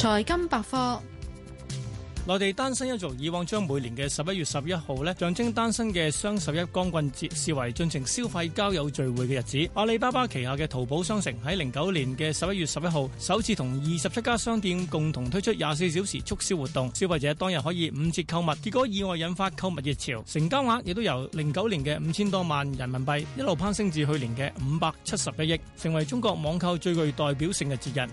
財金百科，內地單身一族以往將每年嘅十一月十一號咧，象徵單身嘅雙十一光棍節，視為進行消費交友聚會嘅日子。阿里巴巴旗下嘅淘寶商城喺零九年嘅十一月十一號，首次同二十七家商店共同推出廿四小時促銷活動，消費者當日可以五折購物，結果意外引發購物熱潮，成交額亦都由零九年嘅五千多萬人民幣一路攀升至去年嘅五百七十一億，成為中國網購最具代表性嘅節日。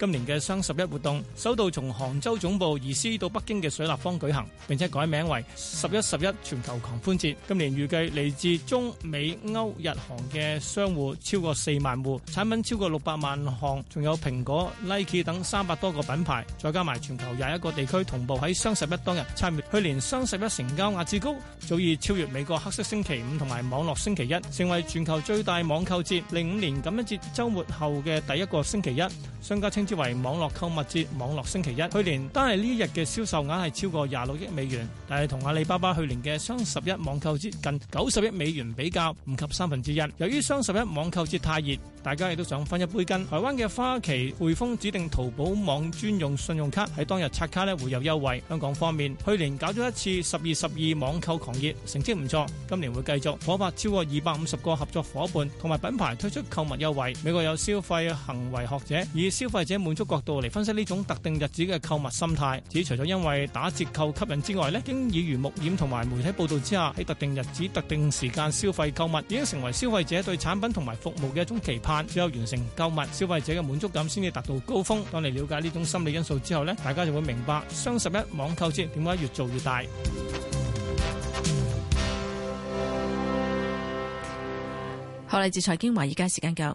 今年嘅雙十一活動，首度從杭州總部移師到北京嘅水立方舉行，並且改名為十一十一全球狂歡節。今年預計嚟自中美歐日韓嘅商戶超過四萬戶，產品超過六百萬項，仲有蘋果、Nike 等三百多個品牌，再加埋全球廿一個地區同步喺雙十一當日參與。去年雙十一成交額至高，早已超越美國黑色星期五同埋網絡星期一，成為全球最大網購節。零五年感恩節週末後嘅第一個星期一，商家稱。稱為網絡購物節、網絡星期一。去年單係呢日嘅銷售額係超過廿六億美元，但係同阿里巴巴去年嘅雙十一網購節近九十億美元比較，唔及三分之一。由於雙十一網購節太熱，大家亦都想分一杯羹。台灣嘅花旗、匯豐指定淘寶網專用信用卡喺當日刷卡咧會有優惠。香港方面，去年搞咗一次十二十二網購狂熱，成績唔錯，今年會繼續，夥拍超過二百五十個合作夥伴同埋品牌推出購物優惠。美國有消費行為學者以消費者滿足角度嚟分析呢種特定日子嘅購物心態，只除咗因為打折扣吸引之外，咧經耳濡目染同埋媒體報道之下，喺特定日子特定時間消費購物，已經成為消費者對產品同埋服務嘅一種期盼。只有完成購物，消費者嘅滿足感先至達到高峰。當你了解呢種心理因素之後咧，大家就會明白雙十一網購節點解越做越大。好，嚟自財經華，而家時間夠。